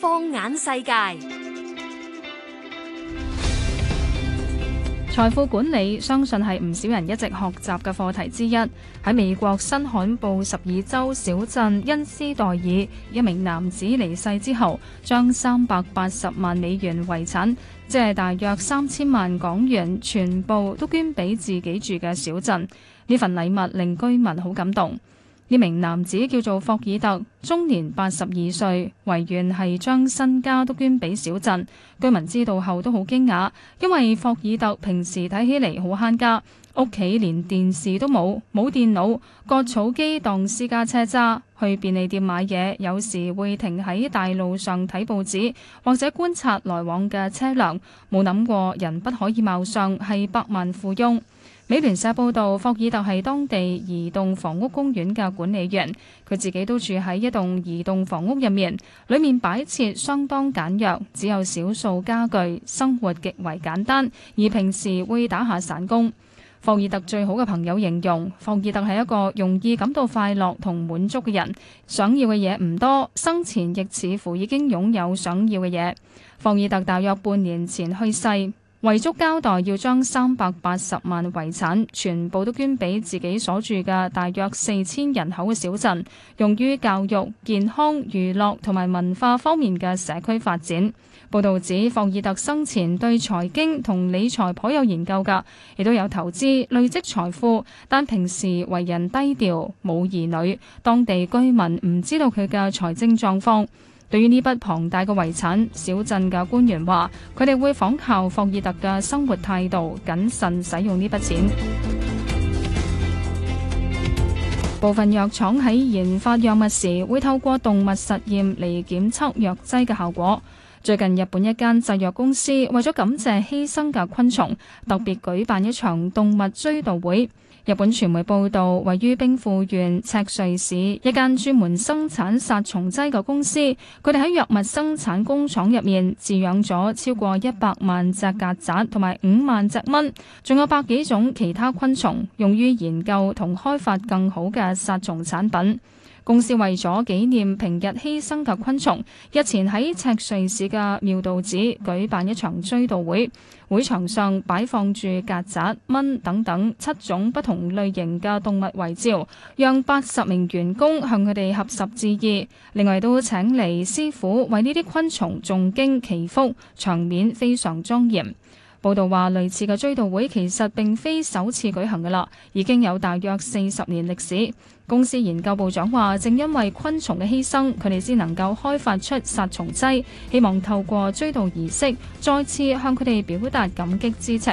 放眼世界，財富管理相信係唔少人一直學習嘅課題之一。喺美國新罕布什爾州小鎮恩斯代爾，一名男子離世之後，將三百八十萬美元遺產，即係大約三千萬港元，全部都捐俾自己住嘅小鎮。呢份禮物令居民好感動。呢名男子叫做霍爾特，終年八十二歲，遺願係將身家都捐俾小鎮，居民知道後都好驚訝，因為霍爾特平時睇起嚟好慳家。屋企連電視都冇，冇電腦，割草機當私家車揸，去便利店買嘢，有時會停喺大路上睇報紙，或者觀察來往嘅車輛。冇諗過人不可以貌相，係百萬富翁。美聯社報道，霍爾特係當地移動房屋公園嘅管理員，佢自己都住喺一棟移動房屋入面，裏面擺設相當簡約，只有少數家具，生活極為簡單。而平時會打下散工。霍爾特最好嘅朋友形容，霍爾特係一個容易感到快樂同滿足嘅人，想要嘅嘢唔多，生前亦似乎已經擁有想要嘅嘢。霍爾特大約半年前去世。遺囑交代要將三百八十萬遺產全部都捐俾自己所住嘅大約四千人口嘅小鎮，用於教育、健康、娛樂同埋文化方面嘅社區發展。報道指霍爾特生前對財經同理財頗有研究㗎，亦都有投資累積財富，但平時為人低調，冇兒女，當地居民唔知道佢嘅財政狀況。對於呢筆龐大嘅遺產，小鎮嘅官員話，佢哋會仿效霍爾特嘅生活態度，謹慎使用呢筆錢。部分藥廠喺研發藥物時，會透過動物實驗嚟檢測藥劑嘅效果。最近日本一間製藥公司為咗感謝犧牲嘅昆蟲，特別舉辦一場動物追悼會。日本傳媒報道，位於兵庫縣赤穗市一間專門生產殺蟲劑嘅公司，佢哋喺藥物生產工廠入面飼養咗超過一百萬隻曱甴，同埋五萬隻蚊，仲有百幾種其他昆蟲，用於研究同開發更好嘅殺蟲產品。公司為咗紀念平日犧牲嘅昆蟲，日前喺赤穗市嘅妙道寺舉辦一場追悼會，會場上擺放住曱甴、蚊等等七種不同類型嘅動物遺照，讓八十名員工向佢哋合十致意。另外都請嚟師傅為呢啲昆蟲誦經祈福，場面非常莊嚴。報道話，類似嘅追悼會其實並非首次舉行噶啦，已經有大約四十年歷史。公司研究部長話，正因為昆蟲嘅犧牲，佢哋先能夠開發出殺蟲劑，希望透過追悼儀式，再次向佢哋表達感激之情。